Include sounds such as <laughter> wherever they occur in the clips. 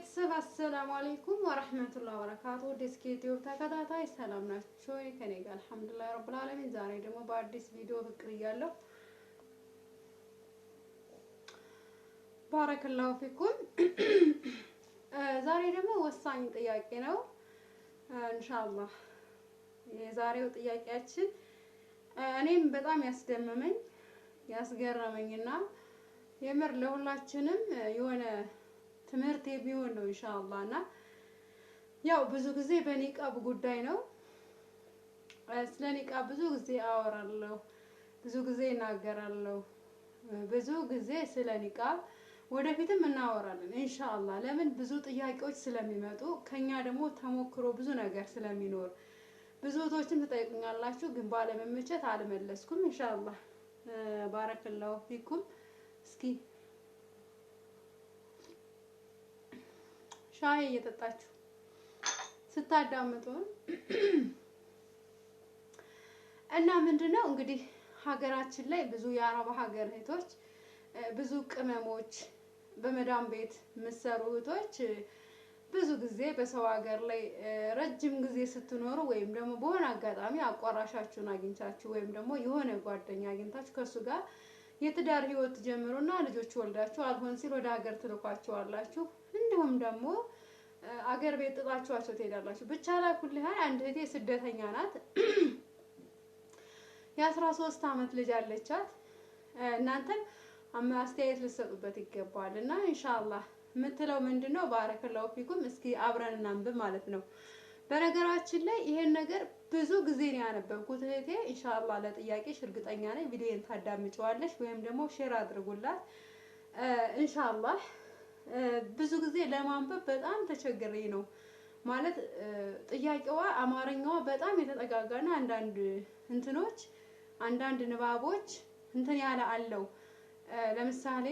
ቤተሰብ አሰላሙ አለይኩም ወረህመቱላ ወበረካቱ። ዲስክ ዩቲዩብ ተከታታይ ሰላም ናችሁ? ከኔ ጋር አልሐምዱሊላሂ ረብል ዓለሚን። ዛሬ ደግሞ በአዲስ ቪዲዮ ፍቅር እያለሁ ባረክላሁ ፊኩም። ዛሬ ደግሞ ወሳኝ ጥያቄ ነው ኢንሻአላህ። የዛሬው ጥያቄያችን እኔም በጣም ያስደመመኝ ያስገረመኝና የምር ለሁላችንም የሆነ ትምህርት የሚሆን ነው ኢንሻአላህ። እና ያው ብዙ ጊዜ በኒቃብ ጉዳይ ነው። ስለ ኒቃብ ብዙ ጊዜ አወራለሁ፣ ብዙ ጊዜ እናገራለሁ፣ ብዙ ጊዜ ስለ ኒቃብ ወደፊትም እናወራለን ኢንሻአላህ። ለምን ብዙ ጥያቄዎች ስለሚመጡ ከኛ ደግሞ ተሞክሮ ብዙ ነገር ስለሚኖር ብዙ እህቶችም ትጠይቁኛላችሁ፣ ግን ባለመመቸት አልመለስኩም። ኢንሻአላህ ባረከላሁ ፊኩም። እስኪ ሻይ እየጠጣችሁ ስታዳምጡን እና ምንድነው እንግዲህ ሀገራችን ላይ ብዙ የአረብ ሀገር እህቶች ብዙ ቅመሞች በመዳም ቤት የምትሰሩ እህቶች ብዙ ጊዜ በሰው ሀገር ላይ ረጅም ጊዜ ስትኖሩ ወይም ደግሞ በሆነ አጋጣሚ አቋራሻችሁን አግኝታችሁ ወይም ደግሞ የሆነ ጓደኛ አግኝታችሁ ከእሱ ጋር የትዳር ህይወት ጀምሩና ልጆች ወልዳችሁ አልሆን ሲል ወደ ሀገር ትልኳቸዋላችሁ። እንዲሁም ደግሞ አገር ቤት ጥላችኋቸው ትሄዳላችሁ። ብቻ ላይ ሁሉ አንድ እህቴ ስደተኛ ናት። <clears throat> የአስራ ሶስት አመት ልጅ አለቻት። እናንተም አስተያየት ልሰጡበት ይገባል እና ኢንሻአላህ የምትለው ምንድነው ነው? ባረከላሁ ፊኩም። እስኪ አብረን እናንብብ ማለት ነው። በነገራችን ላይ ይሄን ነገር ብዙ ጊዜ ነው ያነበብኩት። እህቴ ኢንሻአላህ ለጥያቄሽ እርግጠኛ ነኝ ቪዲዮን ታዳምጪዋለሽ ወይም ደግሞ ሼር አድርጉላት ኢንሻአላህ። ብዙ ጊዜ ለማንበብ በጣም ተቸግሬ ነው ማለት ጥያቄዋ አማርኛዋ በጣም የተጠጋጋና አንዳንድ እንትኖች አንዳንድ ንባቦች እንትን ያለ አለው። ለምሳሌ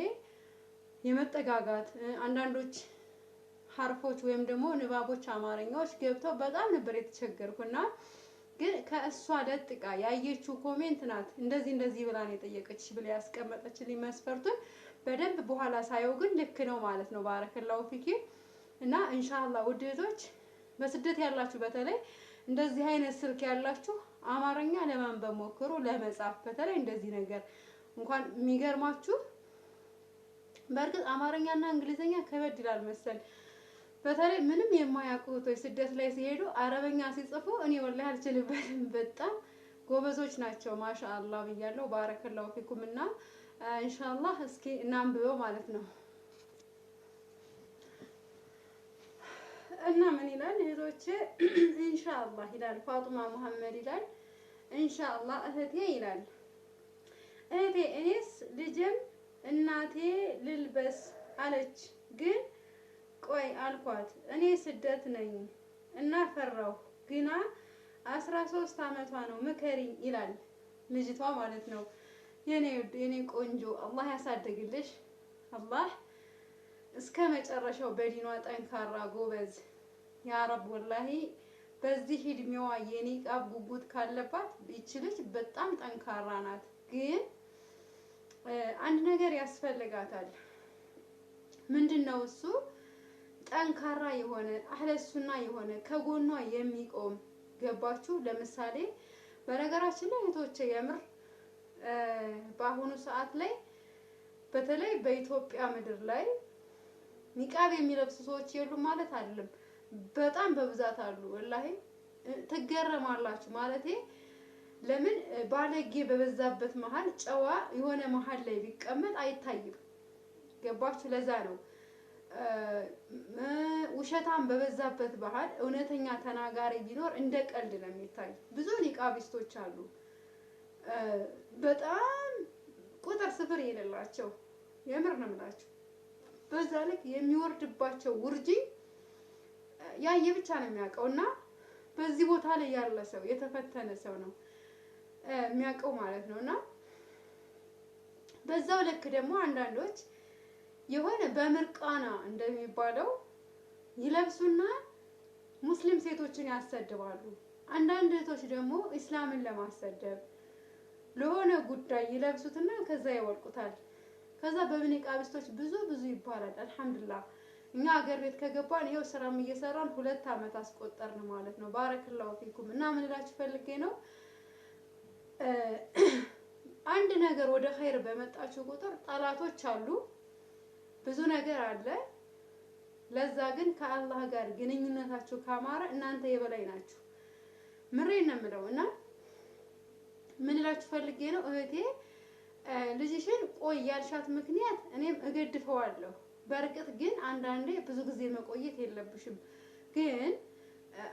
የመጠጋጋት አንዳንዶች ሀርፎች ወይም ደግሞ ንባቦች አማርኛዎች ገብተው በጣም ነበር የተቸገርኩና ግን ከእሷ ለጥቃ ያየችው ኮሜንት ናት እንደዚህ እንደዚህ ብላ ነው የጠየቀች ብላ ያስቀመጠችልኝ መስፈርቱን በደንብ በኋላ ሳየው ግን ልክ ነው ማለት ነው። ባረከላው ፊኪ እና እንሻላ ውዴቶች በስደት ያላችሁ በተለይ እንደዚህ አይነት ስልክ ያላችሁ አማርኛ ለማንበብ ሞክሩ፣ ለመጻፍ በተለይ እንደዚህ ነገር እንኳን የሚገርማችሁ በእርግጥ አማርኛና እንግሊዝኛ ከበድ ይላል መሰል በተለይ ምንም የማያውቁ እህቶች ስደት ላይ ሲሄዱ አረበኛ ሲጽፉ እኔ ወላሂ አልችልበትም። <laughs> በጣም ጎበዞች ናቸው። ማሻ አላህ ብያለሁ። ባረከላሁ ፊኩም እና ኢንሻአላህ እስኪ እናንብበው ማለት ነው። እና ምን ይላል እህቶቼ? <clears throat> ኢንሻአላህ ይላል ፋጡማ መሐመድ ይላል። ኢንሻአላህ እህቴ ይላል እህቴ እኔስ ልጅም እናቴ ልልበስ አለች ግን ቆይ አልኳት። እኔ ስደት ነኝ እና ፈራሁ፣ ግና አስራ ሶስት አመቷ ነው ምከሪኝ ይላል ልጅቷ ማለት ነው። የኔ የኔ ቆንጆ አላህ ያሳደግልሽ። አላህ እስከ መጨረሻው በዲኗ ጠንካራ ጎበዝ የአረብ ረብ ወላሂ በዚህ እድሜዋ የኒቃብ ጉጉት ካለባት ይች ልጅ በጣም ጠንካራ ናት። ግን አንድ ነገር ያስፈልጋታል። ምንድን ነው እሱ? ጠንካራ የሆነ አህለሱና የሆነ ከጎኗ የሚቆም ገባችሁ። ለምሳሌ በነገራችን ላይ እህቶቼ የምር በአሁኑ ሰዓት ላይ በተለይ በኢትዮጵያ ምድር ላይ ኒቃብ የሚለብሱ ሰዎች የሉም ማለት አይደለም። በጣም በብዛት አሉ። ወላሂ ትገረማላችሁ። ማለቴ ለምን ባለጌ በበዛበት መሀል ጨዋ የሆነ መሀል ላይ ቢቀመጥ አይታይም። ገባችሁ? ለዛ ነው ውሸታም በበዛበት ባህል እውነተኛ ተናጋሪ ቢኖር እንደ ቀልድ ነው የሚታይ። ብዙ ኒቃቢስቶች አሉ፣ በጣም ቁጥር ስፍር የሌላቸው የምር ነው ምላቸው። በዛ ልክ የሚወርድባቸው ውርጂ ያየ ብቻ ነው የሚያውቀው እና በዚህ ቦታ ላይ ያለ ሰው የተፈተነ ሰው ነው የሚያውቀው ማለት ነው እና በዛው ልክ ደግሞ አንዳንዶች የሆነ በምርቃና እንደሚባለው ይለብሱና ሙስሊም ሴቶችን ያሰድባሉ። አንዳንድ እህቶች ደግሞ ኢስላምን ለማሰደብ ለሆነ ጉዳይ ይለብሱትና ከዛ ይወልቁታል። ከዛ በኒቃቢስቶች ብዙ ብዙ ይባላል። አልሐምዱላ እኛ ሀገር ቤት ከገባን ይኸው ስራም እየሰራን ሁለት አመት አስቆጠርን ማለት ነው። ባረክላሁ ፊኩም እና ምንላችሁ ፈልጌ ነው <clears throat> አንድ ነገር ወደ ኸይር በመጣችሁ ቁጥር ጠላቶች አሉ ብዙ ነገር አለ። ለዛ ግን ከአላህ ጋር ግንኙነታችሁ ካማረ እናንተ የበላይ ናችሁ። ምሬ ነው የምለው እና ምን እላችሁ ፈልጌ ነው እህቴ ልጅሽን ቆይ ያልሻት ምክንያት እኔም እገድፈዋለሁ። በእርግጥ ግን አንዳንዴ ብዙ ጊዜ መቆየት የለብሽም። ግን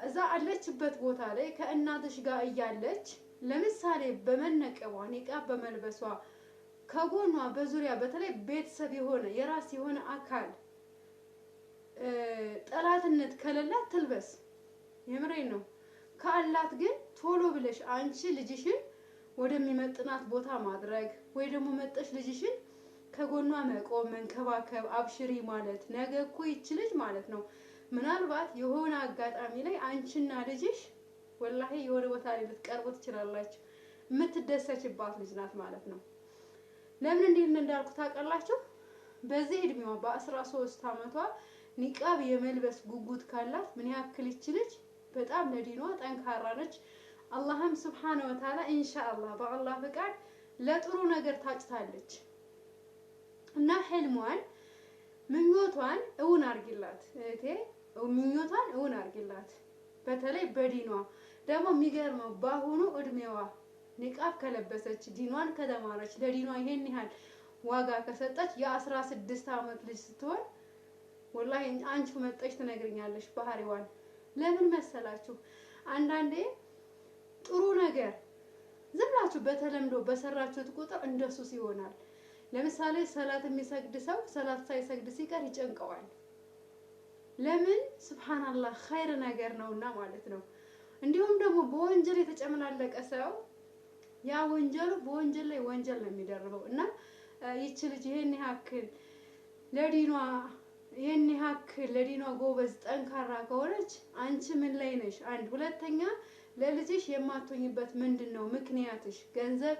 እዛ አለችበት ቦታ ላይ ከእናትሽ ጋር እያለች ለምሳሌ በመነቀቧ ኒቃ በመልበሷ ከጎኗ በዙሪያ በተለይ ቤተሰብ የሆነ የራስ የሆነ አካል ጠላትነት ከሌላት ትልበስ። የምሬን ነው። ካላት ግን ቶሎ ብለሽ አንቺ ልጅሽን ወደሚመጥናት ቦታ ማድረግ ወይ ደግሞ መጠሽ ልጅሽን ከጎኗ መቆም መንከባከብ፣ አብሽሪ ማለት ነገ እኮ ይች ልጅ ማለት ነው ምናልባት የሆነ አጋጣሚ ላይ አንቺና ልጅሽ ወላሂ የሆነ ቦታ ላይ ልትቀርቡ ትችላላችሁ። የምትደሰችባት ልጅ ናት ማለት ነው። ለምን እንዲህ እንዳልኩ ታውቃላችሁ? በዚህ እድሜዋ በ13 አመቷ ኒቃብ የመልበስ ጉጉት ካላት ምን ያክል ይች ልጅ በጣም ለዲኗ ጠንካራ ነች። አላህም ስብሓነ ወተዓላ ኢንሻአላህ በአላህ ፍቃድ ለጥሩ ነገር ታጭታለች እና ህልሟን ምኞቷን እውን አርጊላት እህቴ፣ ምኞቷን እውን አርግላት። በተለይ በዲኗ ደግሞ የሚገርመው ባሁኑ እድሜዋ ኒቃብ ከለበሰች ዲኗን ከተማረች ለዲኗ ይሄን ያህል ዋጋ ከሰጠች የአስራ ስድስት አመት ልጅ ስትሆን ወላሂ አንቺ መጠች ትነግርኛለሽ ባህሪዋን። ለምን መሰላችሁ? አንዳንዴ ጥሩ ነገር ዝም ብላችሁ በተለምዶ በሰራችሁት ቁጥር እንደሱ ይሆናል። ለምሳሌ ሰላት የሚሰግድ ሰው ሰላት ሳይሰግድ ሲቀር ይጨንቀዋል። ለምን? ስብሓናላህ ኸይር ነገር ነውና ማለት ነው። እንዲሁም ደግሞ በወንጀል የተጨመላለቀ ሰው ያ ወንጀሉ በወንጀል ላይ ወንጀል ነው የሚደርበው እና ይቺ ልጅ ይሄን ያክል ለዲኗ ይህን ያክል ለዲኗ ጎበዝ ጠንካራ ከሆነች አንቺ ምን ላይ ነሽ? አንድ ሁለተኛ ለልጅሽ የማትሆኝበት ምንድን ነው ምክንያትሽ? ገንዘብ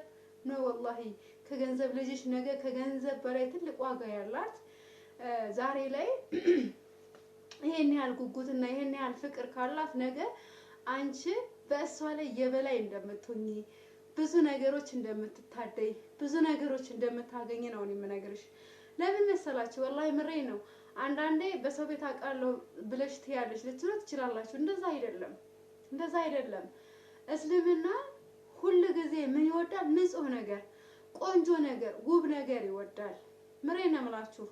ነው? ወላሂ ከገንዘብ ልጅሽ ነገ ከገንዘብ በላይ ትልቅ ዋጋ ያላት ዛሬ ላይ <clears throat> ይሄን ያህል ጉጉትና ይሄን ያህል ፍቅር ካላት ነገ አንቺ በእሷ ላይ የበላይ እንደምትሆኚ ብዙ ነገሮች እንደምትታደይ ብዙ ነገሮች እንደምታገኝ ነው እኔ የምነግርሽ። ለምን መሰላችሁ? ወላሂ ምሬ ነው። አንዳንዴ በሰው ቤት አውቃለሁ ብለሽ ትያለሽ ልትሉ ትችላላችሁ። እንደዛ አይደለም፣ እንደዛ አይደለም። እስልምና ሁል ጊዜ ምን ይወዳል? ንጹህ ነገር፣ ቆንጆ ነገር፣ ውብ ነገር ይወዳል። ምሬ ነው የምላችሁ።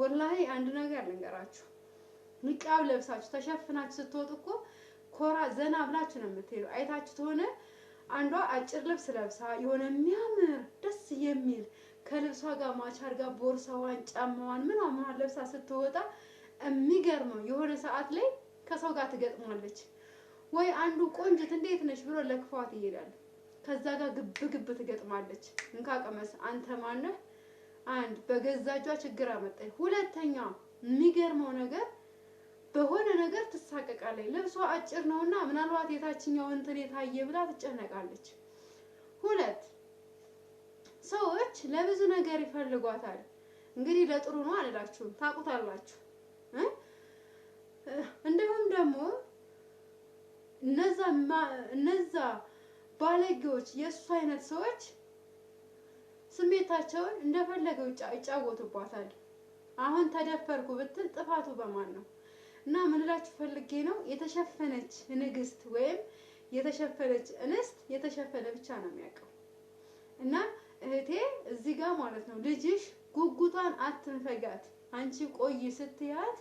ወላሂ አንድ ነገር ልንገራችሁ። ንቃብ ለብሳችሁ ተሸፍናችሁ ስትወጡ እኮ ኮራ ዘና ብላችሁ ነው የምትሄዱ። አይታችሁ ተሆነ አንዷ አጭር ልብስ ለብሳ የሆነ የሚያምር ደስ የሚል ከልብሷ ጋር ማች ጋር ቦርሳዋን፣ ጫማዋን ምናምኗን ለብሳ ስትወጣ የሚገርመው የሆነ ሰዓት ላይ ከሰው ጋር ትገጥማለች። ወይ አንዱ ቆንጅት እንዴት ነች ብሎ ለክፏት ይሄዳል። ከዛ ጋር ግብ ግብ ትገጥማለች። እንካ ቀመስ አንተ ማነህ? አንድ በገዛጇ ችግር አመጣኝ። ሁለተኛ የሚገርመው ነገር በሆነ ነገር ትሳቀቃለች። ልብሷ አጭር ነውና ምናልባት የታችኛው እንትን የታየ ብላ ትጨነቃለች። ሁለት ሰዎች ለብዙ ነገር ይፈልጓታል። እንግዲህ ለጥሩ ነው አልላችሁም፣ ታውቁታላችሁ። እንዲሁም ደግሞ እነዛ ባለጌዎች የእሱ አይነት ሰዎች ስሜታቸውን እንደፈለገው ይጫወቱባታል። አሁን ተደፈርኩ ብትል ጥፋቱ በማን ነው? እና ምን ፈልጌ ነው የተሸፈነች ንግስት ወይም የተሸፈነች እንስት የተሸፈነ ብቻ ነው የሚያውቀው። እና እህቴ እዚህ ጋር ማለት ነው ልጅሽ ጉጉቷን አትንፈጋት። አንቺ ቆይ ስትያት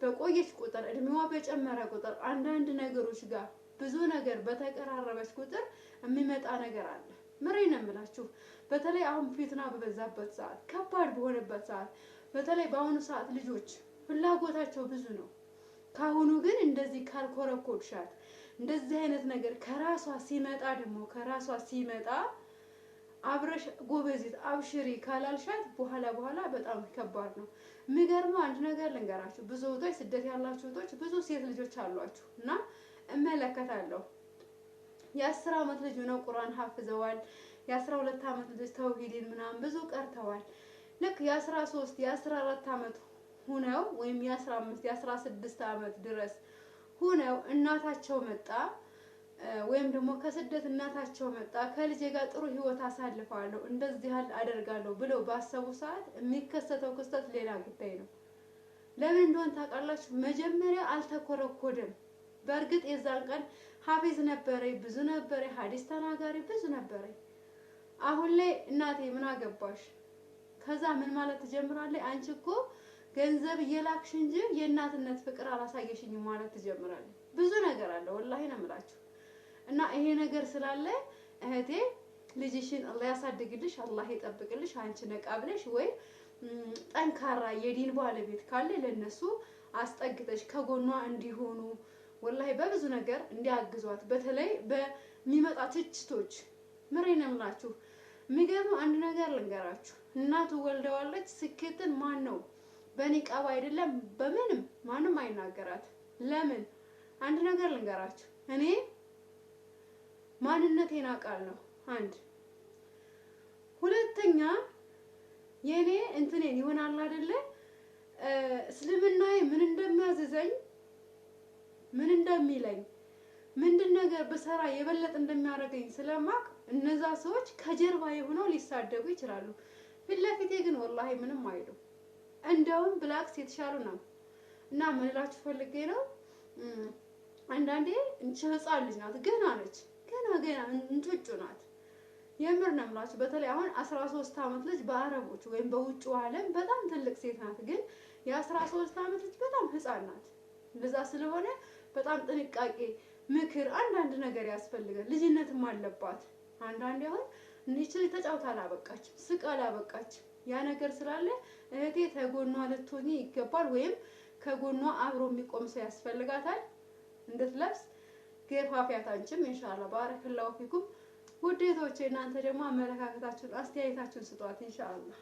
በቆየች ቁጥር እድሜዋ በጨመረ ቁጥር አንዳንድ ነገሮች ጋር ብዙ ነገር በተቀራረበች ቁጥር የሚመጣ ነገር አለ። ምሬ ነው የምላችሁ። በተለይ አሁን ፊትና በበዛበት ሰዓት፣ ከባድ በሆነበት ሰዓት፣ በተለይ በአሁኑ ሰዓት ልጆች ፍላጎታቸው ብዙ ነው። ካሁኑ ግን እንደዚህ ካልኮረኮድሻት እንደዚህ አይነት ነገር ከራሷ ሲመጣ ደግሞ ከራሷ ሲመጣ አብረሽ ጎበዚት አብሽሪ ካላልሻት በኋላ በኋላ በጣም ከባድ ነው። የሚገርመው አንድ ነገር ልንገራችሁ። ብዙ እህቶች፣ ስደት ያላችሁ እህቶች ብዙ ሴት ልጆች አሏችሁ እና እመለከታለሁ የአስር ዓመት ልጅ ነው ቁርአን ሀፍዘዋል። የአስራ ሁለት ዓመት ልጆች ተውሂድን ምናምን ብዙ ቀርተዋል። ልክ የአስራ ሶስት የአስራ አራት ዓመት ሁነው ወይም የ15 የ16 ዓመት ድረስ ሁነው እናታቸው መጣ ወይም ደግሞ ከስደት እናታቸው መጣ ከልጄ ጋር ጥሩ ህይወት አሳልፋለሁ እንደዚህ አደርጋለሁ ብለው ባሰቡ ሰዓት የሚከሰተው ክስተት ሌላ ጉዳይ ነው። ለምን እንደሆን ታውቃላችሁ? መጀመሪያ አልተኮረኮደም። በእርግጥ የዛን ቀን ሀፊዝ ነበረ፣ ብዙ ነበረ፣ ሀዲስ ተናጋሪ ብዙ ነበረ። አሁን ላይ እናቴ ምን አገባሽ፣ ከዛ ምን ማለት ትጀምራለች አንቺ እኮ ገንዘብ እየላክሽ እንጂ የእናትነት ፍቅር አላሳየሽኝም ማለት ትጀምራለች። ብዙ ነገር አለ፣ ወላሂ ነው የምላችሁ። እና ይሄ ነገር ስላለ እህቴ ልጅሽን አላህ ያሳድግልሽ፣ አላህ ይጠብቅልሽ። አንቺ ነቃ ብለሽ ወይ ጠንካራ የዲን ባለቤት ካለ ለነሱ አስጠግተሽ ከጎኗ እንዲሆኑ ወላሂ በብዙ ነገር እንዲያግዟት፣ በተለይ በሚመጣ ትችቶች ምሬ ነው የምላችሁ። የሚገርም አንድ ነገር ልንገራችሁ። እናቱ ወልደዋለች። ስኬትን ማን ነው በኒቃብ አይደለም በምንም ማንም አይናገራት። ለምን አንድ ነገር ልንገራችሁ፣ እኔ ማንነቴን አውቃለሁ። አንድ ሁለተኛ የእኔ እንትኔን ይሆናል አይደለ እስልምናዬ ምን እንደሚያዘዘኝ ምን እንደሚለኝ ምንድን ነገር ብሰራ የበለጥ እንደሚያደርገኝ ስለማቅ እነዛ ሰዎች ከጀርባ የሆነው ሊሳደጉ ይችላሉ። ፊት ለፊቴ ግን ወላሂ ምንም አይሉም። እንደውም ብላክስ የተሻሉ ነው። እና ምንላችሁ ፈልጌ ነው አንዳንዴ እንቺ ህፃን ልጅ ናት፣ ገና ነች፣ ገና ገና እንጩጩ ናት። የምር ነው የምላችሁ። በተለይ አሁን 13 ዓመት ልጅ በአረቦች ወይም በውጭ ዓለም በጣም ትልቅ ሴት ናት፣ ግን የ13 ዓመት ልጅ በጣም ህፃን ናት። በዛ ስለሆነ በጣም ጥንቃቄ፣ ምክር፣ አንዳንድ ነገር ያስፈልጋል። ልጅነትም አለባት። አንዳንዴ አሁን ይች ተጫውታ አላበቃችም፣ ስቃ አላበቃችም። ያ ነገር ስላለ እህቴ ተጎኗ ልትሆኚ ይገባል፣ ወይም ከጎኗ አብሮ የሚቆም ሰው ያስፈልጋታል እንድትለብስ ገፋፊያት። አንቺም ኢንሻአላህ ባረከላሁ ፊኩም ውዴቶቼ፣ እናንተ ደግሞ አመለካከታችሁን አስተያየታችሁን ስጧት ኢንሻአላህ።